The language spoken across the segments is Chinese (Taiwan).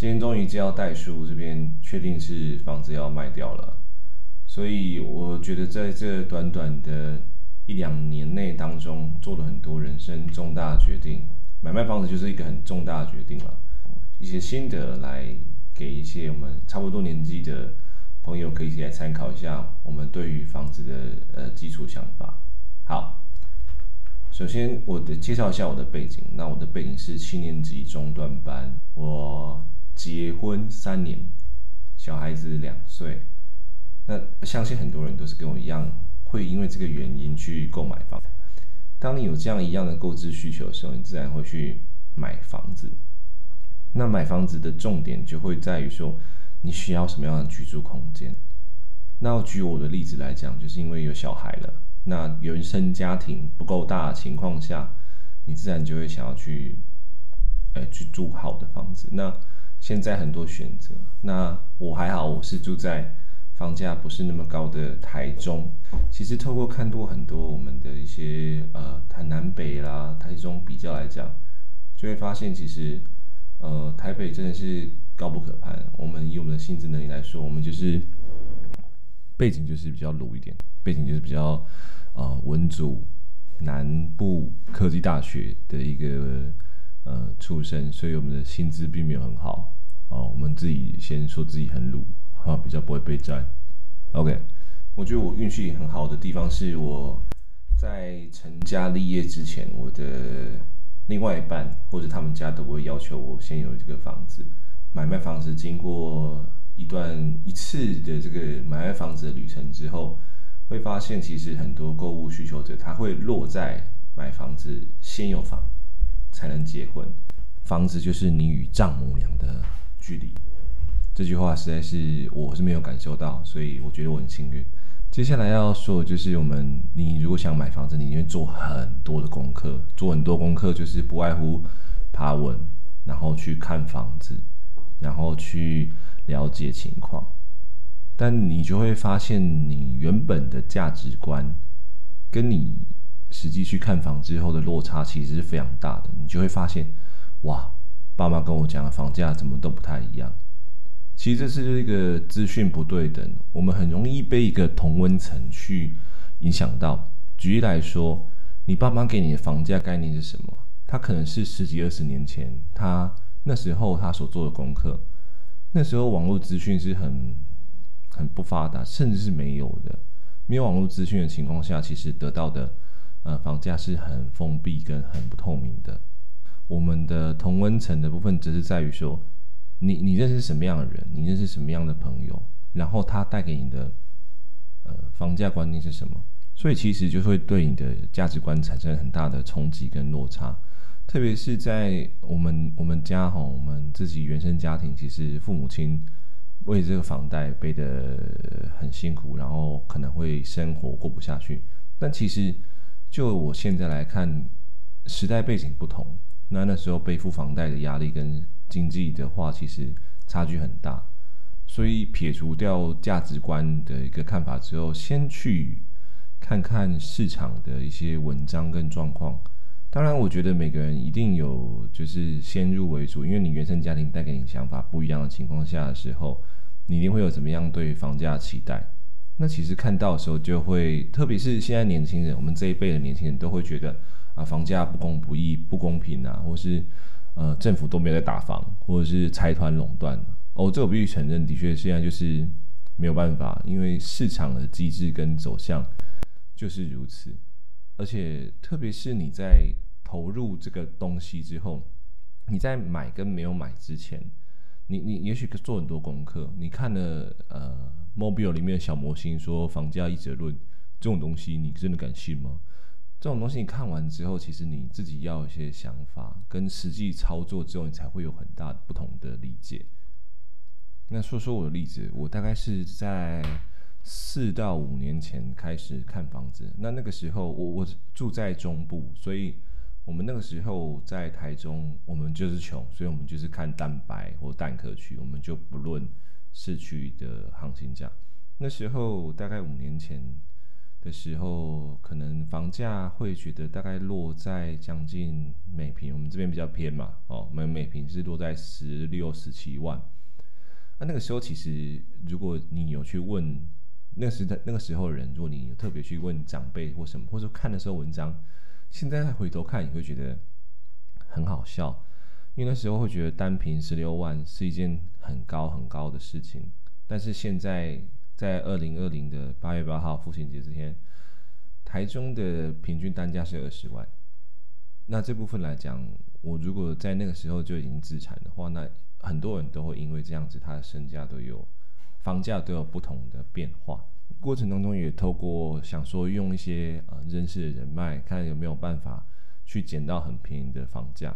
今天終於接到代書這邊，確定是房子要賣掉了，所以我覺得在這短短的一兩年內當中，做了很多人生重大決定，買賣房子就是一個很重大的決定了，一些心得來給一些我們差不多年紀的朋友可以一起來參考一下，我們對於房子的呃基礎想法。好，首先我得介紹一下我的背景，那我的背景是七年級中段班，我。結婚三年，小孩子兩歲，那相信很多人都是跟我一樣，會因為這個原因去購買房子。當你有這樣一樣的購置需求的時候，你自然會去買房子。那買房子的重點就會在於說，你需要什麼樣的居住空間。那舉我的例子來講，就是因為有小孩了，那原生家庭不夠大的情況下，你自然就會想要去，哎、呃，去住好的房子。那現在很多選擇，那我還好，我是住在房價不是那麼高的台中。其實透過看過很多我們的一些呃，台南北啦，台中比較來講，就會發現其實呃，台北真的是高不可攀。我們以我們的性質能力來說，我們就是背景就是比較滷一點，背景就是比較啊、呃，文組南部科技大學的一個。呃，出生，所以我們的薪資並沒有很好，啊、哦，我們自己先說自己很魯，啊，比較不會被占。OK，我覺得我運氣很好的地方是我在成家立業之前，我的另外一半或者他們家都不會要求我先有這個房子。買賣房子經過一段一次的這個買賣房子的旅程之後，會發現其實很多購物需求者他會落在買房子先有房。才能結婚，房子就是你與丈母娘的距離。這句話實在是我是沒有感受到，所以我覺得我很幸運。接下來要說的就是我們，你如果想買房子，你因為做很多的功課，做很多功課就是不外乎爬文，然後去看房子，然後去了解情況。但你就會發現，你原本的價值觀跟你。實際去看房之後的落差其實是非常大的，你就會發現，哇，爸媽跟我講的房價怎麼都不太一樣。其實這是一個資訊不對等，我們很容易被一個同溫層去影響到。舉例來說，你爸媽給你的房價概念是什麼？他可能是十幾二十年前，他那時候他所做的功課，那時候網絡資訊是很很不發達，甚至是沒有的。沒有網絡資訊的情況下，其實得到的。呃，房價是很封閉跟很不透明的。我們的同溫層的部分則是在於說，你你認識什麼樣的人，你認識什麼樣的朋友，然後他帶給你的呃房價觀念是什麼？所以其實就會對你的價值觀產生很大的衝擊跟落差。特別是在我們我們家吼，我們自己原生家庭，其實父母親為這個房貸背得很辛苦，然後可能會生活過不下去，但其實。就我現在來看，時代背景不同，那那時候背負房貸的壓力跟經濟的話，其實差距很大。所以撇除掉價值觀的一個看法之後，先去看看市場的一些文章跟狀況。當然，我覺得每個人一定有就是先入為主，因為你原生家庭帶給你想法不一樣的情況下的時候，你一定會有怎麼樣對房價期待。那其實看到的時候就會，特別是現在年輕人，我們這一輩的年輕人都會覺得啊，房價不公不義、不公平啊，或是呃，政府都沒有在打房，或者是財團壟斷。哦，這我必須承認，的確現在就是沒有辦法，因為市場的機制跟走向就是如此。而且特別是你在投入這個東西之後，你在買跟沒有買之前，你你也許做很多功課，你看了呃。mobile 裡面的小模型說“房價一折論”這種東西，你真的敢信嗎？這種東西你看完之後，其實你自己要有一些想法，跟實際操作之後，你才會有很大不同的理解。那說說我的例子，我大概是在四到五年前開始看房子。那那個時候我，我我住在中部，所以我們那個時候在台中，我們就是窮，所以我們就是看蛋白或蛋殼區，我們就不論市區的行情價，那時候大概五年前的時候，可能房價會覺得大概落在將近每平，我們這邊比較偏嘛，哦，我們每每平是落在十六、十七萬。那、啊、那個時候，其實如果你有去問那時的那個時候的人，如果你有特別去問長輩或什麼，或者看的時候文章，現在回頭看你會覺得很好笑。因為那時候會覺得單憑十六萬是一件很高很高的事情，但是現在在二零二零的八月八號父親節這天，台中的平均單價是二十萬，那這部分來講，我如果在那個時候就已經資產的話，那很多人都會因為這樣子，他的身價都有房價都有不同的變化。過程當中也透過想說用一些啊、嗯、認識的人脈，看有沒有辦法去撿到很便宜的房價，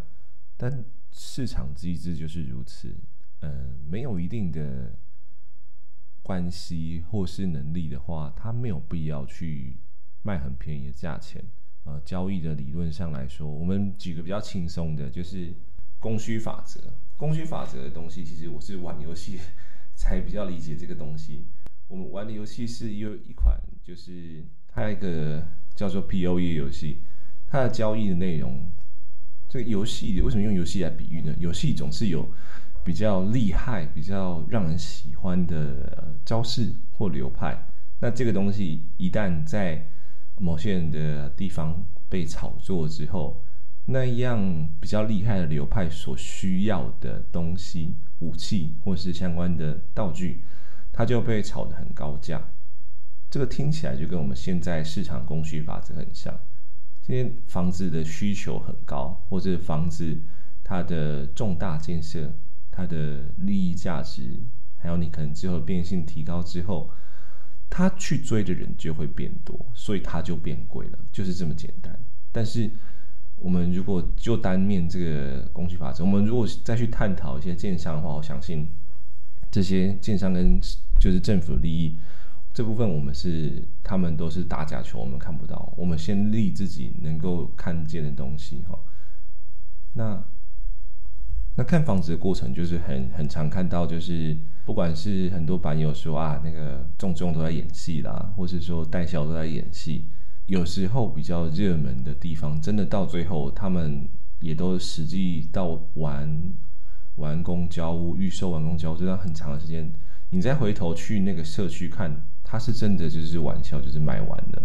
但。市場機制就是如此，呃，沒有一定的關係或是能力的話，他沒有必要去賣很便宜的價錢。呃，交易的理論上來說，我們舉個比較輕鬆的，就是供需法則。供需法則的東西，其實我是玩遊戲才比較理解這個東西。我們玩的遊戲是有一款，就是它一個叫做 POE 的遊戲，它的交易的內容。這個遊戲為什麼用遊戲來比喻呢？遊戲總是有比較厲害、比較讓人喜歡的招式或流派。那這個東西一旦在某些人的地方被炒作之後，那樣比較厲害的流派所需要的東西、武器或是相關的道具，它就被炒得很高價。這個聽起來就跟我們現在市場供需法則很像。這些房子的需求很高，或者房子它的重大建設，它的利益價值，還有你可能之後的變現性提高之後，他去追的人就會變多，所以它就變貴了，就是這麼簡單。但是我們如果就單面這個供需法則，我們如果再去探討一些建商的話，我相信這些建商跟就是政府利益，這部分我們是他們都是打假球，我們看不到。我們先立自己能夠看見的東西哈。那那看房子的過程就是很很常看到，就是不管是很多版友說啊，那個仲仲都在演戲啦，或是說代銷都在演戲。有時候比較熱門的地方，真的到最後他們也都實際到完完工交屋、預售完工交屋，這段很長的時間，你再回頭去那個社區看。他是真的，就是玩笑，就是賣完了。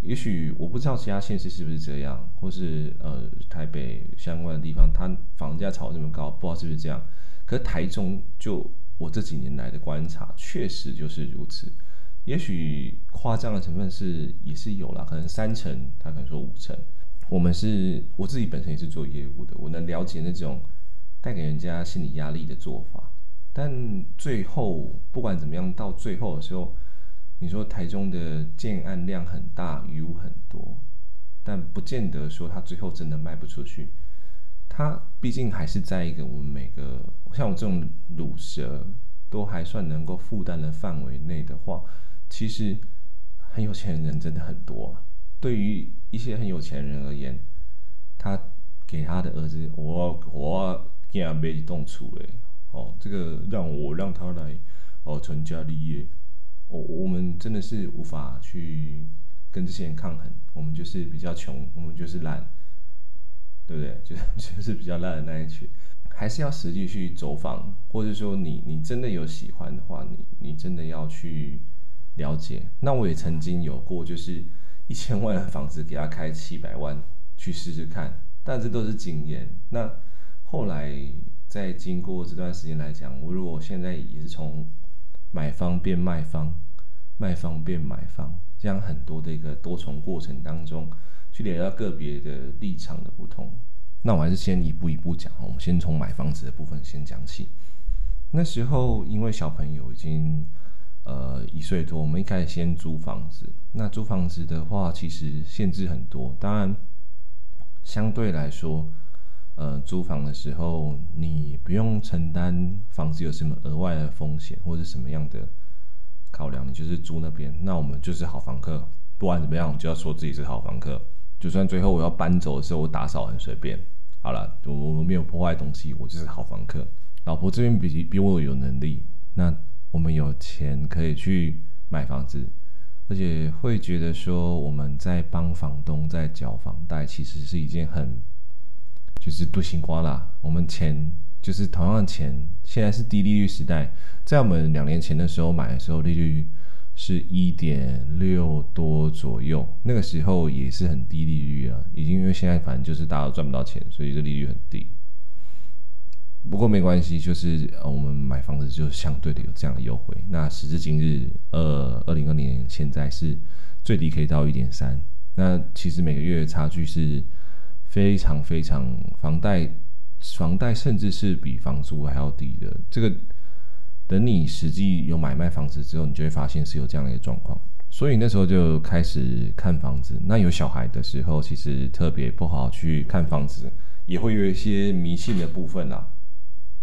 也許我不知道其他縣市是不是這樣，或是呃台北相關的地方，它房價炒這麼高，不知道是不是這樣。可是台中就我這幾年來的觀察，確實就是如此。也許誇張的成分是也是有了，可能三成，他可能說五成。我們是我自己本身也是做業務的，我能了解那種帶給人家心理壓力的做法。但最後不管怎麼樣，到最後的時候。你說台中的建案量很大，餘屋很多，但不見得說他最後真的賣不出去。他畢竟還是在一個我們每個像我這種魯蛇都還算能夠負擔的範圍內的話，其實很有錢的人真的很多，啊。對於一些很有錢人而言，他給他的兒子，我我給他沒動粗哎，哦，這個讓我讓他來哦成家立業。我我們真的是無法去跟這些人抗衡，我們就是比較窮，我們就是爛，對不對？就是就是比較爛的那一群，還是要實際去走訪，或者說你你真的有喜歡的話，你你真的要去了解。那我也曾經有過，就是一千萬的房子給他開七百萬去試試看，但這都是經驗。那後來在經過這段時間來講，我如果現在也是從。買方變賣方，賣方變買方，這樣很多的一個多重過程當中，去聊到個別的立場的不同。那我還是先一步一步講，我們先從買房子的部分先講起。那時候因為小朋友已經呃一歲多，我們一開始先租房子。那租房子的話，其實限制很多，當然相對來說。呃，租房的時候你不用承擔房子有什麼額外的風險或者什麼樣的考量，你就是租那邊，那我們就是好房客。不管怎麼樣，我就要說自己是好房客。就算最後我要搬走的時候，我打掃很隨便，好了，我我沒有破壞東西，我就是好房客。老婆這邊比比我有能力，那我們有錢可以去買房子，而且會覺得說我們在幫房東在繳房貸，其實是一件很。就是都行光啦，我們錢就是同樣的錢，現在是低利率時代，在我們兩年前的時候買的時候利率是一點六多左右，那個時候也是很低利率啊，已經因為現在反正就是大家都賺不到錢，所以這利率很低。不過沒關係，就是我們買房子就相對的有這樣的優惠。那時至今日，2二零二零年，現在是最低可以到一點三，那其實每個月的差距是。非常非常房，房貸，房貸甚至是比房租還要低的。這個等你實際有買賣房子之後，你就會發現是有這樣的一個狀況。所以那時候就開始看房子。那有小孩的時候，其實特別不好去看房子，也會有一些迷信的部分啦、啊。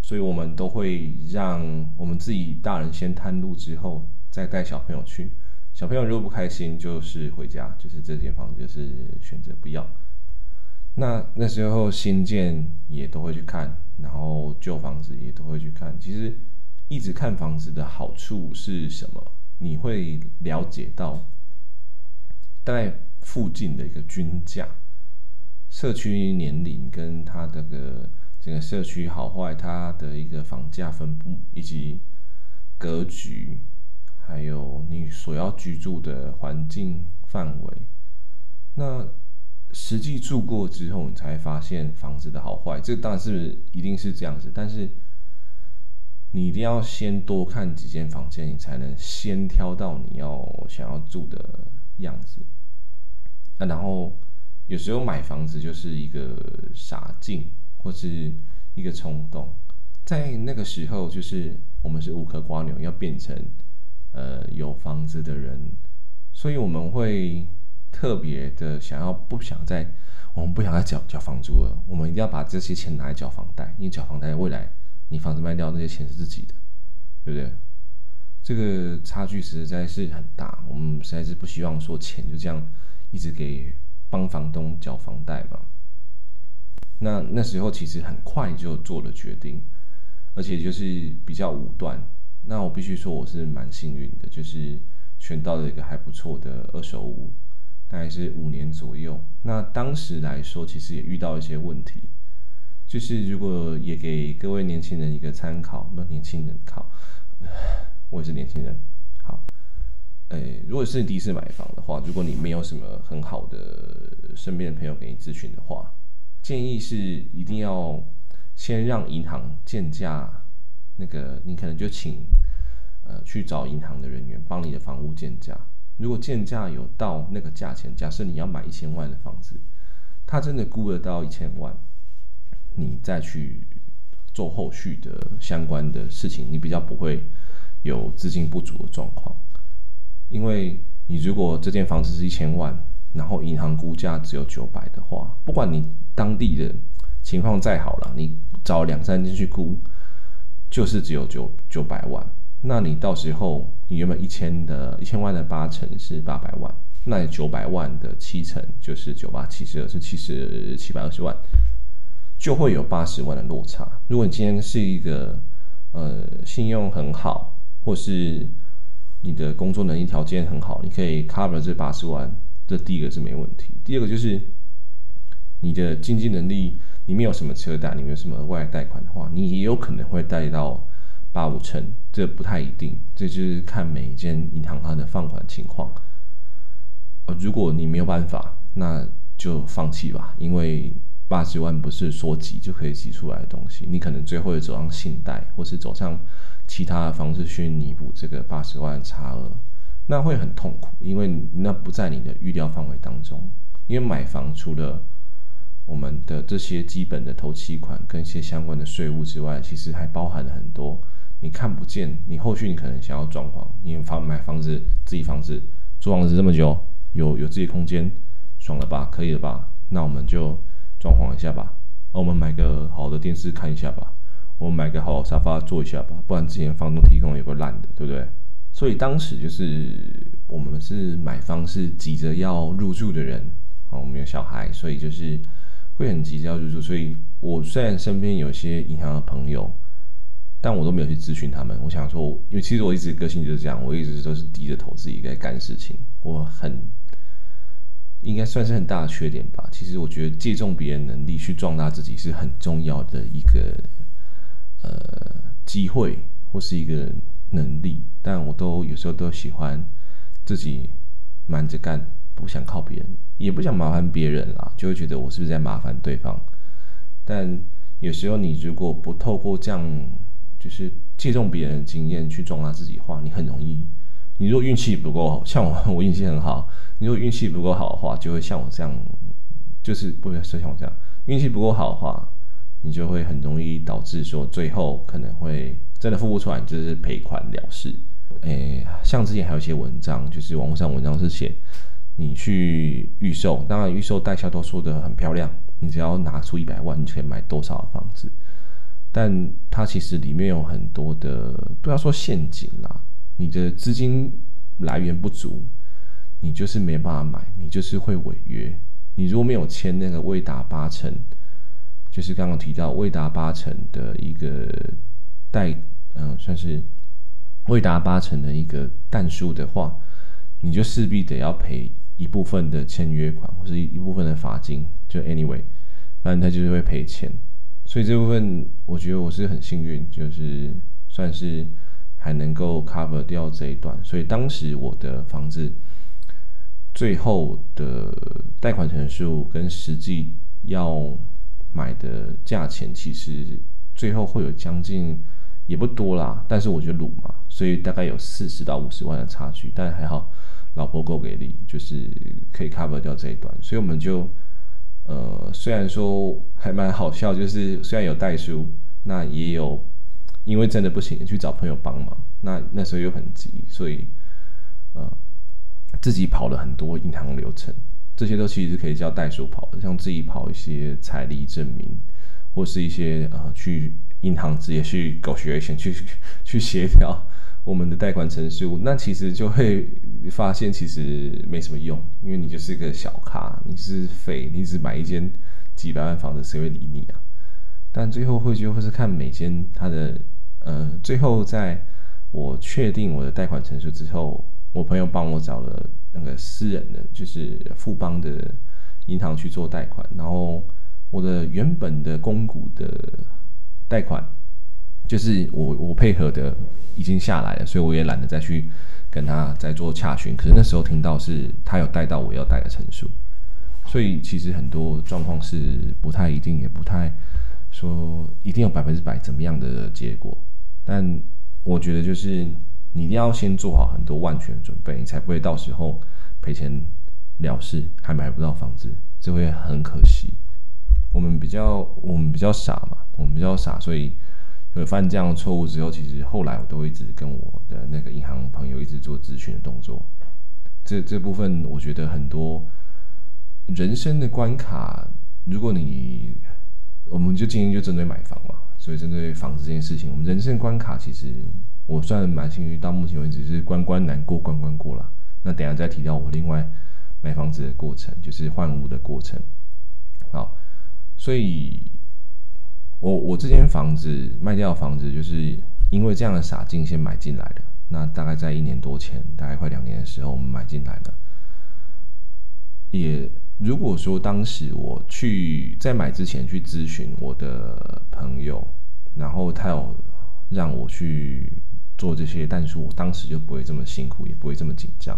所以我們都會讓我們自己大人先探路，之後再帶小朋友去。小朋友如果不開心，就是回家，就是這間房子，就是選擇不要。那那時候新建也都會去看，然後舊房子也都會去看。其實一直看房子的好處是什麼？你會了解到在附近的一個均價、社區年齡跟它的個整個社區好壞、它的一個房價分布以及格局，還有你所要居住的環境範圍。那。實際住過之後，你才發現房子的好壞。這當然是不是一定是這樣子，但是你一定要先多看幾間房間，你才能先挑到你要想要住的樣子。啊，然後有時候買房子就是一個傻勁，或是一個衝動，在那個時候，就是我們是無殼蝸牛要變成呃有房子的人，所以我們會。特別的，想要不想再，我們不想再繳繳房租了，我們一定要把這些錢拿來繳房貸，因為繳房貸未來你房子賣掉，那些錢是自己的，對不對？這個差距實在是很大，我們實在是不希望說錢就這樣一直給幫房東繳房貸嘛。那那時候其實很快就做了決定，而且就是比較武斷。那我必須說，我是蠻幸運的，就是選到了一個還不錯的二手屋。大概是五年左右。那當時來說，其實也遇到一些問題。就是如果也給各位年輕人一個參考，那年輕人好，我也是年輕人，好、欸。如果是第一次買房的話，如果你沒有什麼很好的身邊的朋友給你諮詢的話，建議是一定要先讓銀行鑑價。那個你可能就請呃去找銀行的人員幫你的房屋鑑價。如果鑑價有到那個價錢，假設你要買一千萬的房子，他真的估得到一千萬，你再去做後續的相關的事情，你比較不會有資金不足的狀況。因為你如果這間房子是一千萬，然後銀行估價只有九百的話，不管你當地的情況再好了，你找兩三間去估，就是只有九九百萬。那你到時候，你原本一千的一千萬的八成是八百萬，那你九百萬的七成就是九八七十二，是七十七百二十萬，就會有八十萬的落差。如果你今天是一個呃信用很好，或是你的工作能力條件很好，你可以 cover 這八十萬，這第一個是沒問題。第二個就是你的經濟能力，你沒有什麼車貸，你沒有什麼外貸款的話，你也有可能會貸到。八五成，這不太一定，這就是看每一間銀行它的放款情況。如果你沒有辦法，那就放棄吧，因為八十萬不是說擠就可以擠出來的東西。你可能最後走上信貸，或是走上其他的方式去彌補這個八十萬的差額，那會很痛苦，因為那不在你的預料範圍當中。因為買房除了我們的這些基本的頭期款跟一些相關的稅務之外，其實還包含了很多。你看不見，你後續你可能想要裝潢，因為房買房子自己房子租房子這麼久，有有自己空間，爽了吧？可以了吧？那我們就裝潢一下吧。啊，我們買個好好的電視看一下吧。我們買個好好的沙發坐一下吧。不然之前房東提供也會爛的，對不對？所以當時就是我們是買方，是急着要入住的人。啊，我們有小孩，所以就是會很急着要入住。所以我雖然身邊有些銀行的朋友。但我都沒有去諮詢他們。我想說我，因為其實我一直個性就是這樣，我一直都是低着頭自己在幹事情。我很，應該算是很大的缺點吧？其實我覺得借重別人能力去壯大自己是很重要的一個呃機會，或是一個能力。但我都有時候都喜歡自己瞞着幹，不想靠別人，也不想麻煩別人啦，就會覺得我是不是在麻煩對方？但有時候你如果不透過這樣，就是借重別人的經驗去壯大自己的話，你很容易。你如果運氣不夠好，像我，我運氣很好。你如果運氣不夠好的話，就會像我這樣，就是不要說像我這樣，運氣不夠好的話，你就會很容易導致說最後可能會真的付不出來，就是賠款了事。哎、欸，像之前還有一些文章，就是網絡上文章是寫你去預售，當然預售代銷都說得很漂亮，你只要拿出一百萬，你可以買多少的房子？但它其實裡面有很多的，不要說陷阱啦，你的資金來源不足，你就是沒辦法買，你就是會違約。你如果沒有簽那個未達八成，就是剛剛提到未達八成的一個貸，嗯、呃，算是未達八成的一個但書的話，你就勢必得要賠一部分的簽約款，或是一部分的罰金。就 anyway，反正他就是會賠錢。所以這部分我覺得我是很幸運，就是算是還能夠 cover 掉這一段。所以當時我的房子最後的貸款成數跟實際要買的價錢，其實最後會有將近也不多啦，但是我覺得魯嘛，所以大概有四十到五十萬的差距。但還好老婆夠給力，就是可以 cover 掉這一段。所以我們就。呃，雖然說還蠻好笑，就是雖然有代書，那也有，因為真的不行去找朋友幫忙，那那時候又很急，所以，呃，自己跑了很多銀行流程，這些都其實可以叫代書跑，像自己跑一些財力證明，或是一些呃去銀行直接去 negotiation 去去協調。我們的貸款成數，那其實就會發現其實沒什麼用，因為你就是個小咖，你是匪，你只買一間幾百萬房子，誰會理你啊？但最後會就會是看每間他的，呃，最後在我確定我的貸款成數之後，我朋友幫我找了那個私人的，就是富邦的銀行去做貸款，然後我的原本的公股的貸款，就是我我配合的已經下來了，所以我也懶得再去跟他再做洽詢。可是那時候聽到是他有帶到我要帶的陳述，所以其實很多狀況是不太一定，也不太說一定有百分之百怎麼樣的結果。但我覺得就是你一定要先做好很多萬全的準備，你才不會到時候賠錢了事還買不到房子，這會很可惜。我們比較，我們比較傻嘛，我們比較傻，所以。呃，犯這樣的錯誤之後，其實後來我都會一直跟我的那個銀行朋友一直做諮詢的動作。這這部分我覺得很多人生的關卡，如果你，我們就今天就針對買房嘛，所以針對房子這件事情，我們人生關卡其實我算蠻幸運，到目前為止是關關難過關關過了。那等下再提到我另外買房子的過程，就是換屋的過程。好，所以。我我這間房子賣掉的房子就是因為這樣的傻勁，先買進來的。那大概在一年多前，大概快兩年的時候，我們買進來的。也如果說當時我去在買之前去諮詢我的朋友，然後他有讓我去做這些，但是我當時就不會這麼辛苦，也不會這麼緊張。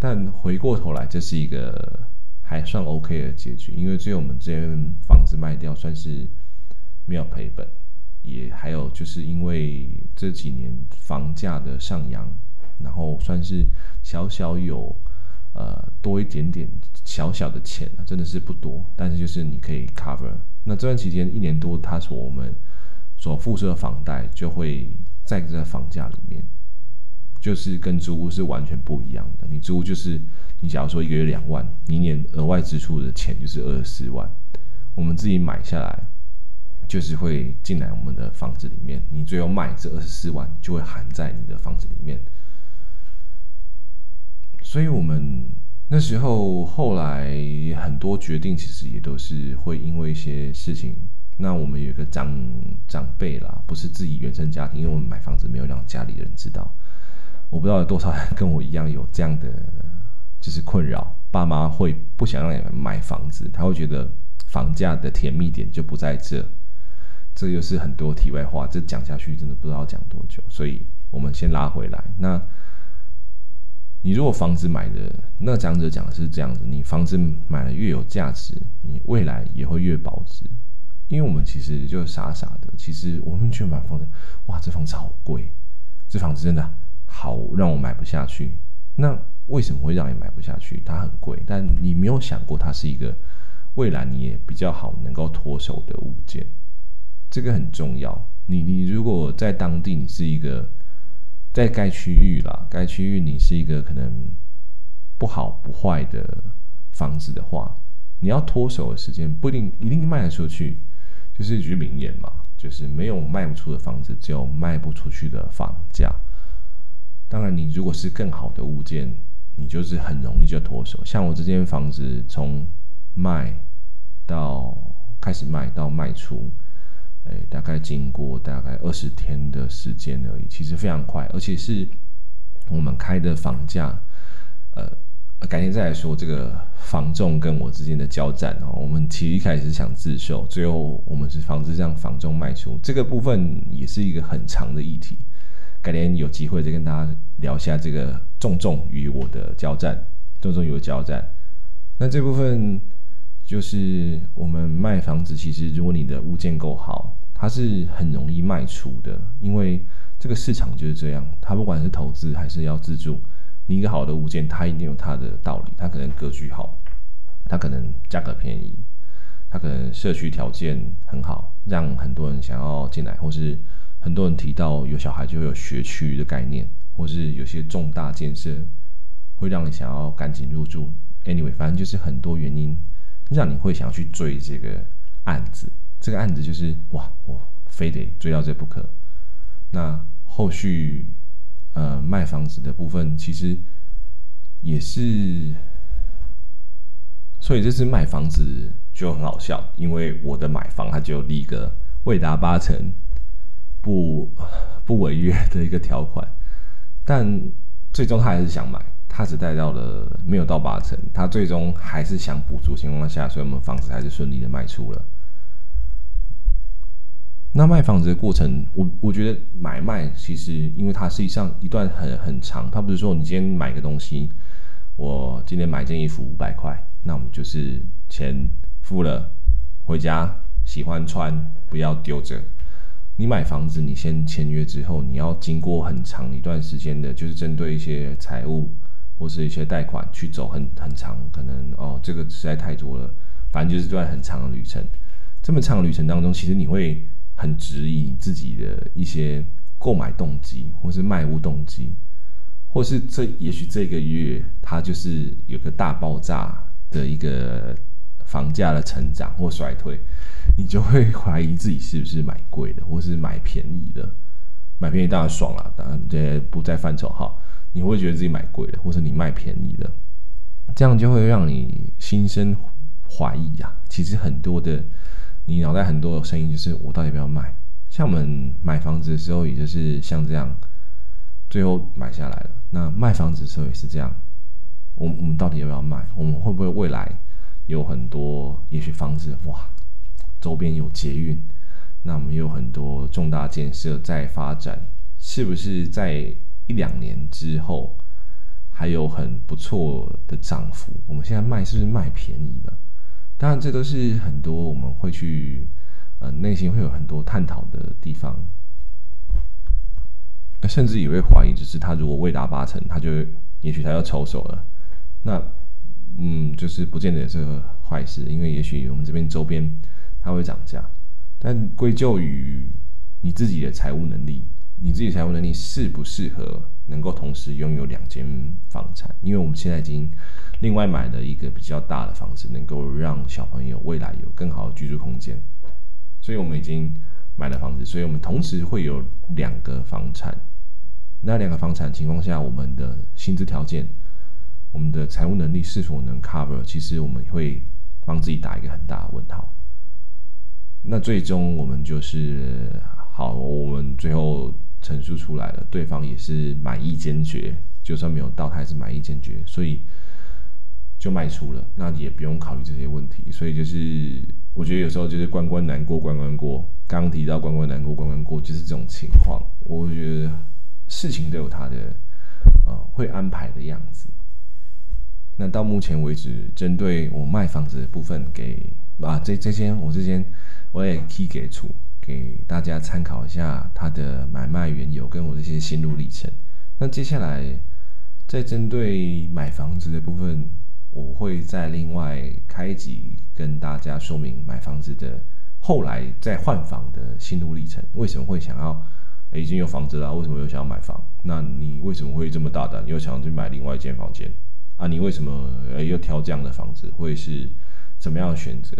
但回過頭來，這是一個還算 OK 的結局，因為最後我們這間房子賣掉，算是。沒有賠本，也還有就是因為這幾年房價的上揚，然後算是小小有，呃，多一點點小小的錢，真的是不多。但是就是你可以 cover。那這段期間一年多，他說我們所付出的房貸就會在這房價裡面，就是跟租屋是完全不一樣的。你租就是你假如說一個月兩萬，你一年額外支出的錢就是二十四萬，我們自己買下來。就是會進來我們的房子裡面，你最後賣這二十四萬就會含在你的房子裡面。所以，我們那時候後來很多決定，其實也都是會因為一些事情。那我們有一個長長輩啦，不是自己原生家庭，因為我們買房子沒有讓家裡人知道。我不知道有多少人跟我一樣有這樣的就是困擾，爸媽會不想讓你們買房子，他會覺得房價的甜蜜點就不在這。這又是很多題外話，這講下去真的不知道要講多久，所以我們先拉回來。那，你如果房子買的，那講者講的是這樣子：你房子買的越有價值，你未來也會越保值。因為我們其實就傻傻的，其實我們去買房子，哇，這房子好貴，這房子真的好讓我買不下去。那為什麼會讓你買不下去？它很貴，但你沒有想過它是一個未來你也比較好能夠脫手的物件。這個很重要。你你如果在當地，你是一個在該區域啦，該區域你是一個可能不好不壞的房子的話，你要脫手的時間不一定一定賣得出去。就是一句名言嘛，就是沒有賣不出的房子，只有賣不出去的房價。當然，你如果是更好的物件，你就是很容易就脫手。像我這間房子，從賣到開始賣到賣出，哎、欸，大概經過大概二十天的時間而已，其實非常快，而且是我們開的房價，呃，改天再來說這個房仲跟我之間的交戰哦。我們其實一開始想自售，最後我們是房子讓房仲賣出，這個部分也是一個很長的議題。改天有機會再跟大家聊一下這個重重與我的交戰，重重與我的交戰，那這部分。就是我們賣房子，其實如果你的物件夠好，它是很容易賣出的，因為這個市場就是這樣。它不管是投資還是要自住，你一個好的物件，它一定有它的道理。它可能格局好，它可能價格便宜，它可能社區條件很好，讓很多人想要進來，或是很多人提到有小孩就會有學區的概念，或是有些重大建設會讓你想要趕緊入住。Anyway，反正就是很多原因。讓你會想要去追這個案子，這個案子就是哇，我非得追到這不可。那後續，呃，賣房子的部分其實也是，所以這次賣房子就很好笑，因為我的買房它就立個未達八成不不違約的一個條款，但最終他還是想買。他只貸到了沒有到八成，他最終還是想補足情況下，所以我們房子還是順利的賣出了。那賣房子的過程，我我覺得買賣其實，因為它實際上一段很很長，它不是說你今天買個東西，我今天買件衣服五百塊，那我們就是錢付了，回家喜歡穿，不要丟着。你買房子，你先簽約之後，你要經過很長一段時間的，就是針對一些財務。或是一些貸款去走很很長，可能哦，這個實在太多了。反正就是一段很長的旅程。這麼長的旅程當中，其實你會很質疑你自己的一些購買動機，或是賣屋動機，或是這也許這個月它就是有個大爆炸的一個房價的成長或衰退，你就會懷疑自己是不是買貴了，或是買便宜的。買便宜當然爽了、啊，當然這不在範疇哈。你會覺得自己買貴了，或是你賣便宜的，這樣就會讓你心生懷疑呀、啊。其實很多的，你腦袋很多的聲音就是：我到底要不要賣？像我們買房子的時候，也就是像這樣，最後買下來了。那賣房子的時候也是這樣，我我們到底要不要賣？我們會不會未來有很多？也許房子哇，周邊有捷運。那我們有很多重大建設在發展，是不是在一兩年之後還有很不錯的漲幅？我們現在賣是不是賣便宜了啊？當然，這都是很多我們會去呃內心會有很多探討的地方，甚至也會懷疑，就是他如果未達八成，他就也許他要抽手了。那嗯，就是不見得是個壞事，因為也許我們這邊周邊它會漲價。但歸咎於你自己的財務能力，你自己財務能力適不適合能夠同時擁有兩間房產？因為我們現在已經另外買了一個比較大的房子，能夠讓小朋友未來有更好的居住空間。所以我們已經買了房子，所以我們同時會有兩個房產。那兩個房產情況下，我們的薪資條件、我們的財務能力是否能 cover？其實我們會幫自己打一個很大的問號。那最終我們就是好，我們最後陳述出來了，對方也是滿意堅決，就算沒有到，他也是滿意堅決，所以就賣出了，那也不用考慮這些問題。所以就是我覺得有時候就是關關難過關關過，剛提到關關難過關關過就是這種情況，我覺得事情都有他的、呃、會安排的樣子。那到目前為止，針對我賣房子的部分給。啊，這這些我之前我也可以給出給大家參考一下他的買賣緣由，跟我的一些心路歷程。那接下來在針對買房子的部分，我會再另外開一集跟大家說明買房子的後來再換房的心路歷程。為什麼會想要已經有房子了，為什麼又想要買房？那你為什麼會這麼大膽，又想要去買另外一間房間啊？你為什麼又挑這樣的房子？會是？怎麼樣選擇？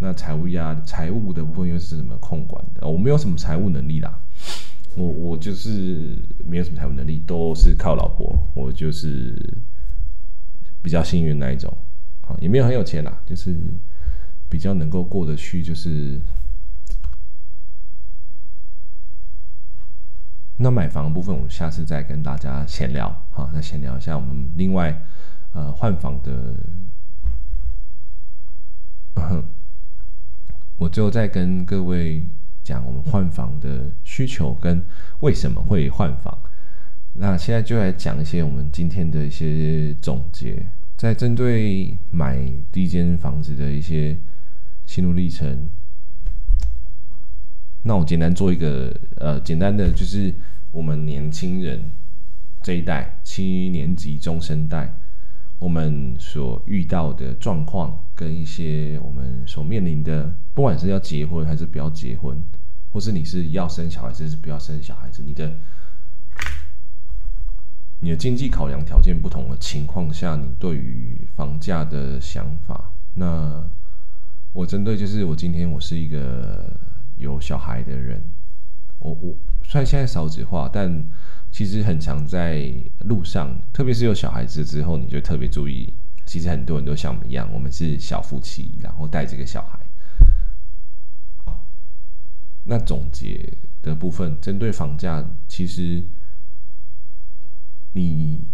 那財務壓，啊，財務的部分又是什麼控管的？哦，我沒有什麼財務能力啦，我我就是沒有什麼財務能力，都是靠老婆。我就是比較幸運那一種，啊，也沒有很有錢啦，就是比較能夠過得去。就是那買房的部分，我們下次再跟大家閒聊哈，再閒聊一下我們另外呃換房的。哼、嗯，我最後再跟各位講我們換房的需求跟為什麼會換房。那現在就來講一些我們今天的一些總結，在針對買第一間房子的一些心路歷程。那我簡單做一個呃，簡單的就是我們年輕人這一代七年級中生代，我們所遇到的狀況跟一些我們所面臨的，不管是要結婚還是不要結婚，或是你是要生小孩子還是不要生小孩子，你的你的經濟考量條件不同的情況下，你對於房價的想法。那我針對就是我今天我是一個有小孩的人，我我雖然現在少子化，但。其實很常在路上，特別是有小孩子之後，你就特別注意。其實很多人都像我們一樣，我們是小夫妻，然後帶着個小孩。那總結的部分，針對房價，其實你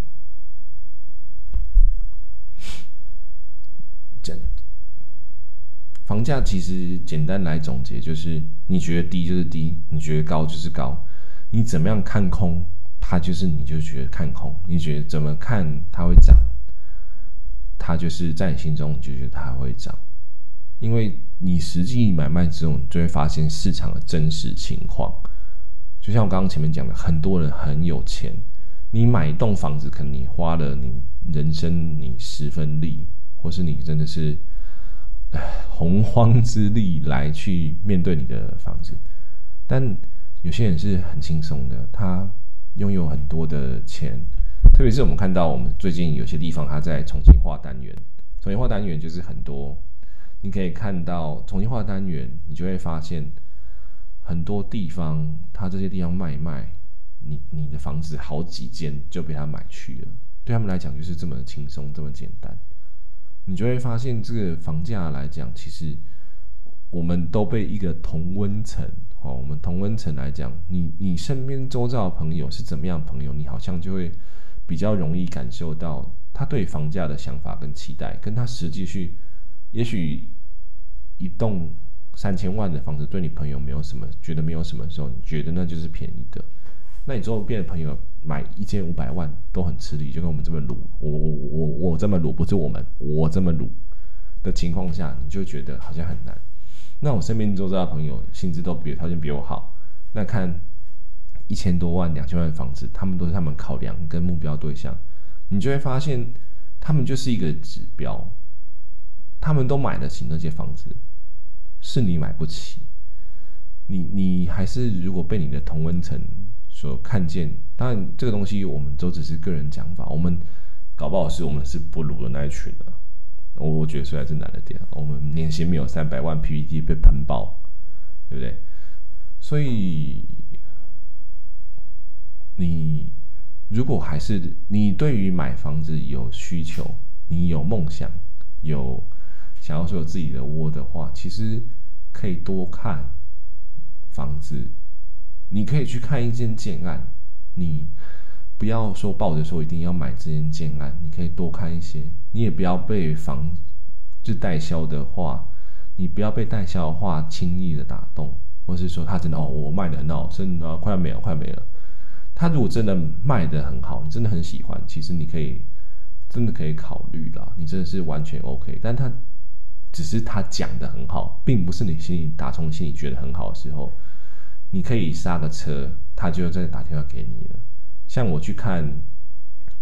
房價其實簡單來總結，就是你覺得低就是低，你覺得高就是高，你怎麼樣看空？那就是，你就覺得看空，你覺得怎麼看它會漲？它就是在你心中你就覺得它會漲，因為你實際買賣之後，你就會發現市場的真實情況。就像我剛剛前面講的，很多人很有錢，你買一棟房子可能你花了你人生你十分力，或是你真的是洪荒之力來去面對你的房子。但有些人是很輕鬆的，他。擁有很多的錢，特別是我們看到我們最近有些地方他在重新劃單元，重新劃單元就是很多，你可以看到重新劃單元，你就會發現很多地方，它這些地方賣賣，你你的房子好幾間就被他買去了，對他們來講就是這麼輕鬆，這麼簡單，你就會發現這個房價來講，其實我們都被一個同溫層。哦，我們同溫層來講，你你身邊周遭的朋友是怎麼樣朋友，你好像就會比較容易感受到他對房價的想法跟期待，跟他實際去，也許一棟三千萬的房子對你朋友沒有什麼，覺得沒有什麼的時候，你覺得那就是便宜的，那你周邊的朋友買一千五百萬都很吃力，就跟我們這麼鹵，我我我我這麼鹵不是我們，我這麼鹵的情況下，你就覺得好像很難。那我身邊周遭的朋友，薪資都比條件比我好，那看一千多萬、兩千萬的房子，他們都是他們考量跟目標對象，你就會發現他們就是一個指標，他們都買得起那些房子，是你買不起，你你還是如果被你的同溫層所看見，當然這個東西我們都只是個人講法，我們搞不好是我們是不如的那一群的。我覺得雖然是難了點，我們年薪沒有三百萬，PPT 被噴爆，對不對？所以你如果還是你對於買房子有需求，你有夢想，有想要說有自己的窩的話，其實可以多看房子，你可以去看一間建案，你。不要說抱著說一定要買這件建案，你可以多看一些。你也不要被房，就代銷的話，你不要被代銷的話輕易的打動，或是說他真的哦，我賣得很好，真的快要沒了，快沒了。他如果真的賣的很好，你真的很喜歡，其實你可以真的可以考慮啦，你真的是完全 OK。但他只是他講的很好，並不是你心裡打從心裡覺得很好的時候，你可以剎個車，他就在打電話給你了。像我去看，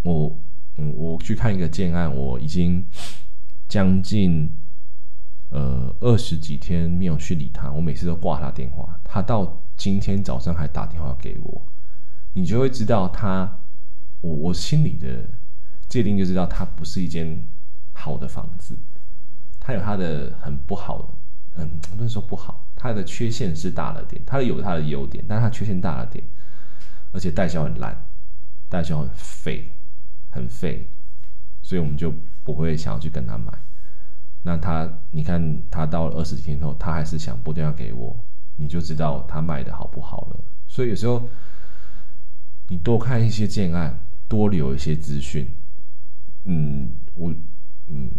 我，嗯，我去看一個建案，我已經將近呃二十幾天沒有去理他，我每次都掛他電話，他到今天早上還打電話給我，你就會知道他，我我心裡的界定就知道他不是一間好的房子，他有他的很不好的，嗯，不能說不好，他的缺陷是大了點，他有他的優點，但他的缺陷大了點，而且代銷很爛。代銷很廢，很廢，所以我們就不會想要去跟他買。那他，你看他到了二十幾天後，他還是想撥電話給我，你就知道他賣的好不好了。所以有時候你多看一些建案，多留一些資訊，嗯，我，嗯，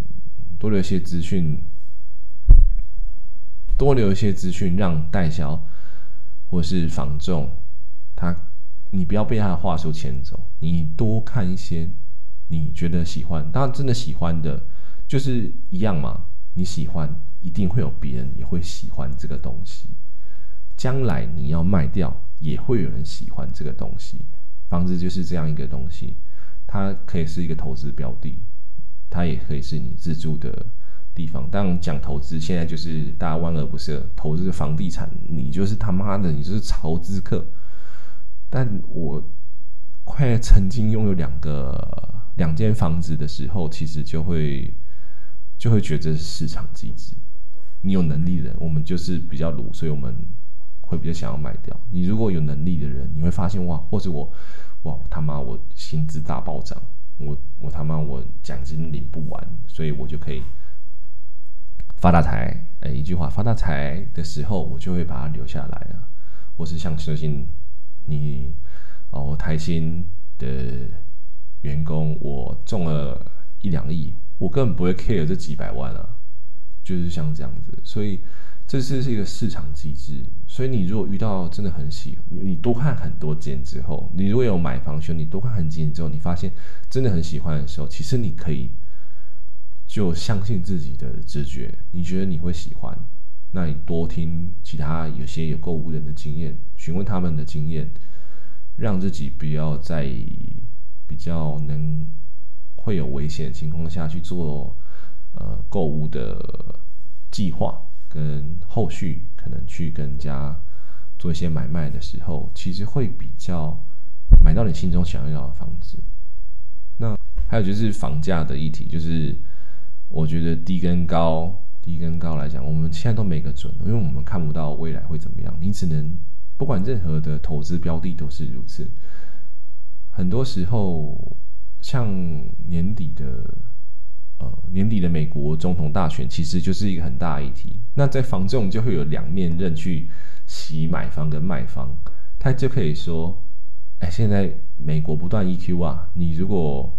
多留一些資訊，多留一些資訊，讓代銷或是房仲他。你不要被他的話術牽走，你多看一些，你覺得喜歡，大家真的喜歡的，就是一樣嘛。你喜歡，一定會有別人也會喜歡這個東西。將來你要賣掉，也會有人喜歡這個東西。房子就是這樣一個東西，它可以是一個投資標的，它也可以是你自住的地方。但講投資，現在就是大家萬惡不赦，投資房地產，你就是他媽的，你就是炒資客。但我快曾經擁有兩個兩間房子的時候，其實就會就會覺得這是市場機制。你有能力的人，我們就是比較魯，所以我們會比較想要賣掉。你如果有能力的人，你會發現哇，或者我哇他媽我薪資大暴漲，我我他媽我獎金領不完，所以我就可以發大財，欸，一句話發大財的時候，我就會把它留下來啊，或是像相信。你哦，我台新的員工，我中了一兩億，我根本不會 care 這幾百萬啊，就是像這樣子。所以這是是一個市場機制。所以你如果遇到真的很喜，你，你多看很多間之後，你如果有買房需求，你多看很多間之後，你發現真的很喜歡的時候，其實你可以就相信自己的直覺，你覺得你會喜歡。那你多聽其他有些有購物人的經驗，詢問他們的經驗，讓自己不要在比較能會有危險的情況下去做呃購物的計劃，跟後續可能去跟人家做一些買賣的時候，其實會比較買到你心中想要的房子。那還有就是房價的議題，就是我覺得低跟高。低跟高來講，我們現在都沒個準，因為我們看不到未來會怎麼樣。你只能，不管任何的投資標的都是如此。很多時候，像年底的，呃，年底的美國總統大選，其實就是一個很大議題。那在房仲就會有兩面刃去洗買方跟賣方，他就可以說：“哎、欸，現在美國不斷 E Q 啊，你如果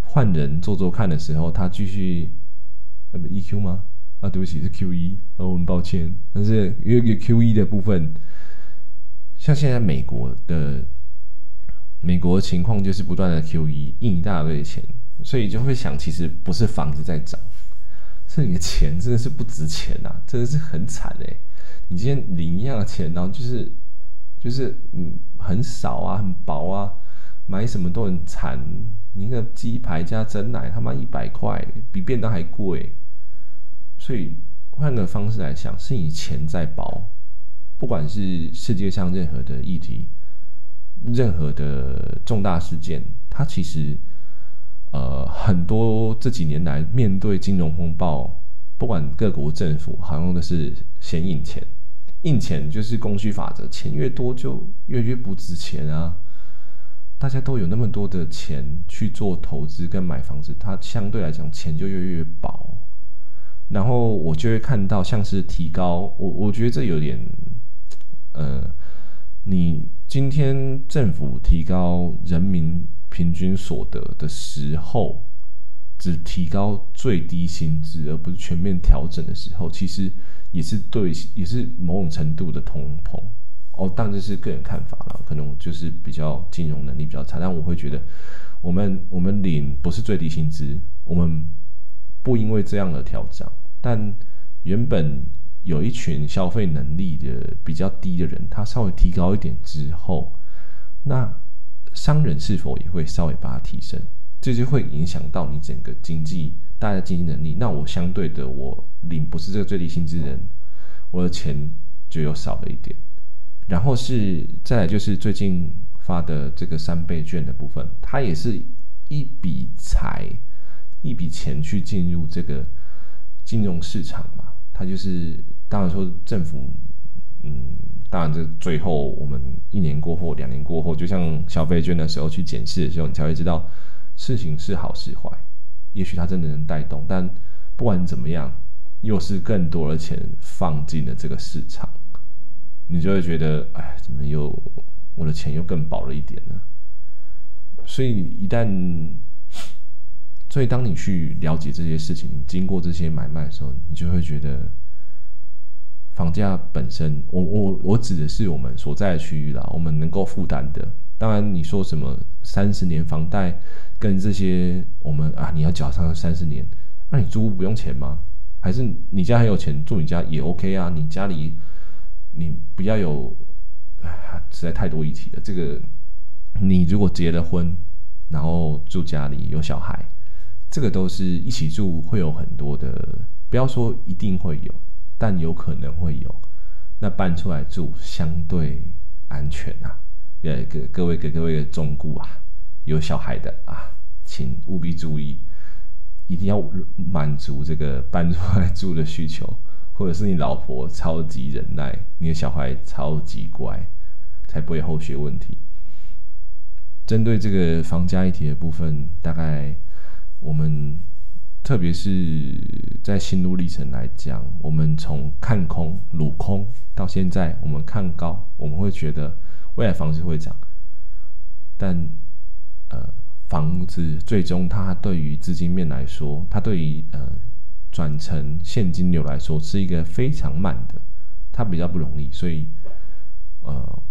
換人做做看的時候，他繼續、欸、不 E Q 嗎？”啊，對不起，是 QE，哦，呃，我很抱歉，但是因為 QE 的部分，像現在美國的美國的情況就是不斷的 QE，印一大堆的錢，所以就會想，其實不是房子在漲，是你的錢真的是不值錢啊，真的是很慘哎、欸！你今天領一樣的錢，然後就是就是嗯很少啊，很薄啊，買什麼都很慘。你一個雞排加珍奶，他媽一百塊，比便當還貴。所以換個方式來想，是以錢在保，不管是世界上任何的議題，任何的重大事件，它其實呃很多這幾年來面對金融風暴，不管各國政府好像都是先印錢，印錢就是供需法則，錢越多就越越不值錢啊。大家都有那麼多的錢去做投資跟買房子，它相對來講錢就越越薄。然後我就會看到，像是提高我，我覺得這有點，呃，你今天政府提高人民平均所得的時候，只提高最低薪資，而不是全面調整的時候，其實也是對，也是某種程度的通膨哦。當然這是個人看法了，可能就是比較金融能力比較差，但我會覺得，我們我們領不是最低薪資，我們。不因為這樣的調整，但原本有一群消費能力的比較低的人，他稍微提高一點之後，那商人，是否也會稍微把它提升？這就會影響到你整個經濟，大家的經濟能力。那我相對的，我領不是這個最低薪資的人，我的錢就又少了一點。然後是再來就是最近發的這個三倍券的部分，它也是一筆財。一筆錢去進入這個金融市場嘛，它就是當然說政府，嗯，當然這最後我們一年過後、兩年過後，就像消費券的時候去檢視的時候，你才會知道事情是好是壞。也許它真的能帶動，但不管怎麼樣，又是更多的錢放進了這個市場，你就會覺得，哎，怎麼又我的錢又更薄了一點呢？所以一旦。所以，當你去了解這些事情，你經過這些買賣的時候，你就會覺得，房價本身，我我我指的是我們所在的區域啦，我們能夠負擔的。當然，你說什麼三十年房貸，跟這些我們啊，你要繳上三十年，那、啊、你租屋不用錢嗎？還是你家很有錢，住你家也 OK 啊？你家裡你不要有，唉實在太多議題了。這個，你如果結了婚，然後住家裡有小孩。這個都是一起住會有很多的，不要說一定會有，但有可能會有。那搬出來住相對安全啊。各位給各位的忠告啊：有小孩的啊，請務必注意，一定要滿足這個搬出來住的需求，或者是你老婆超級忍耐，你的小孩超級乖，才不會後續問題。針對這個房加一體的部分，大概。我們特別是，在心路歷程來講，我們從看空、魯空到現在，我們看高，我們會覺得未來房子會漲。但，呃，房子最終它對於資金面來說，它對於呃轉成現金流來說是一個非常慢的，它比較不容易，所以，呃，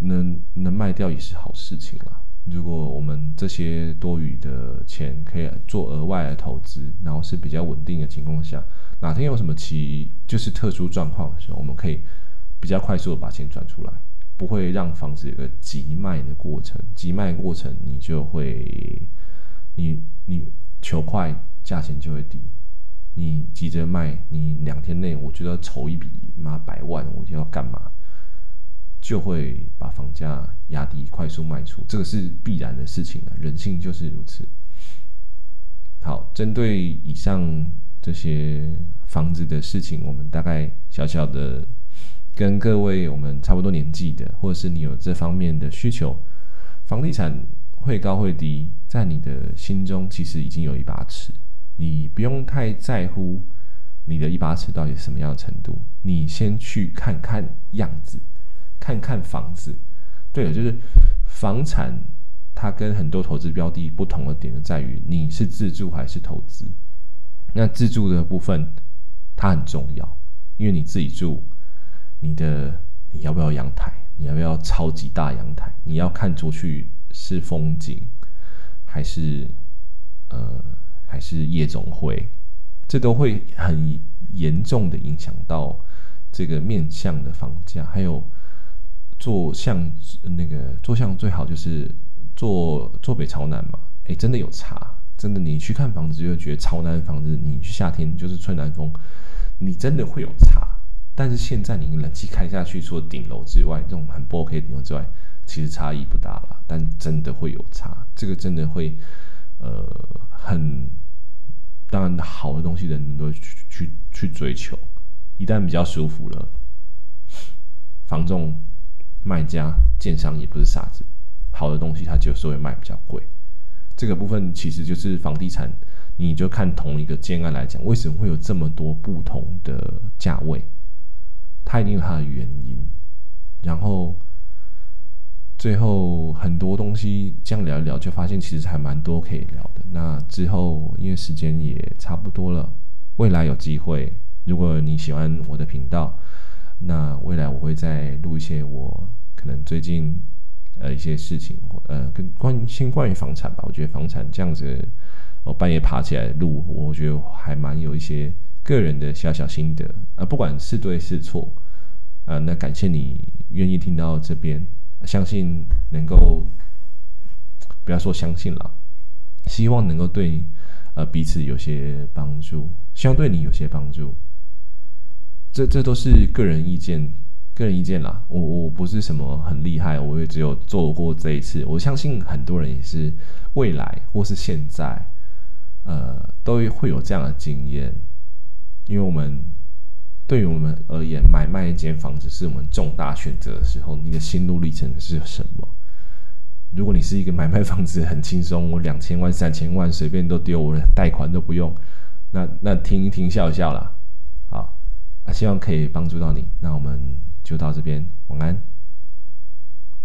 能能賣掉也是好事情啦。如果我們這些多餘的錢可以做額外的投資，然後是比較穩定的情況下，哪天有什麼奇就是特殊狀況的時候，我們可以比較快速的把錢轉出來，不會讓房子有個急賣的過程。急賣過程你就會，你你求快，價錢就會低。你急着賣，你兩天內我就要籌一筆媽百萬，我就要幹嘛？就會把房價壓低，快速賣出，這個是必然的事情，人性就是如此。好，針對以上這些房子的事情，我們大概小小的跟各位我們差不多年紀的，或者是你有這方面的需求，房地產會高會低，在你的心中其實已經有一把尺，你不用太在乎你的一把尺到底什麼樣的程度，你先去看看樣子。看看房子，對了，就是房產。它跟很多投資標的不同的點就在於你是自住還是投資。那自住的部分它很重要，因為你自己住，你的你要不要陽台？你要不要超級大陽台？你要看出去是風景，還是呃，還是夜總會？這都會很嚴重的影響到這個面向的房價，還有。坐向，那個坐向最好就是坐坐，坐北朝南嘛。誒、欸，真的有差，真的你去看房子就覺得朝南房子，你去夏天就是吹南風，你真的會有差。但是現在你冷氣開下去，除了頂樓之外，這種很不 OK 頂樓之外，其實差異不大了。但真的會有差，這個真的會呃很，當然好的東西的人都去去去追求，一旦比較舒服了，房仲。賣家、建商，也不是傻子，好的東西他就是會賣比較貴。這個部分其實就是房地產，你就看同一個建案來講，為什麼會有這麼多不同的價位？它一定有它的原因。然後最後很多東西這樣聊一聊，就發現其實還蠻多可以聊的。那之後因為時間也差不多了，未來有機會，如果你喜歡我的頻道。那未來我會再錄一些我可能最近呃一些事情或呃跟關先關於房產吧，我覺得房產這樣子，我、哦、半夜爬起來錄，我覺得還蠻有一些個人的小小心得啊、呃，不管是對是錯啊、呃，那感謝你願意聽到這邊，相信能夠不要說相信了，希望能夠對呃彼此有些幫助，希望對你有些幫助。這這都是個人意見，個人意見啦。我我不是什麼很厲害，我也只有做過這一次。我相信很多人也是未來或是現在，呃，都會有這樣的經驗。因為我們對於我們而言，買賣一間房子是我們重大選擇的時候，你的心路歷程是什麼？如果你是一個買賣房子很輕鬆，我兩千萬三千萬隨便都丟，我貸款都不用，那那聽一聽笑一笑啦。希望可以幫助到你，那我們就到這邊，晚安。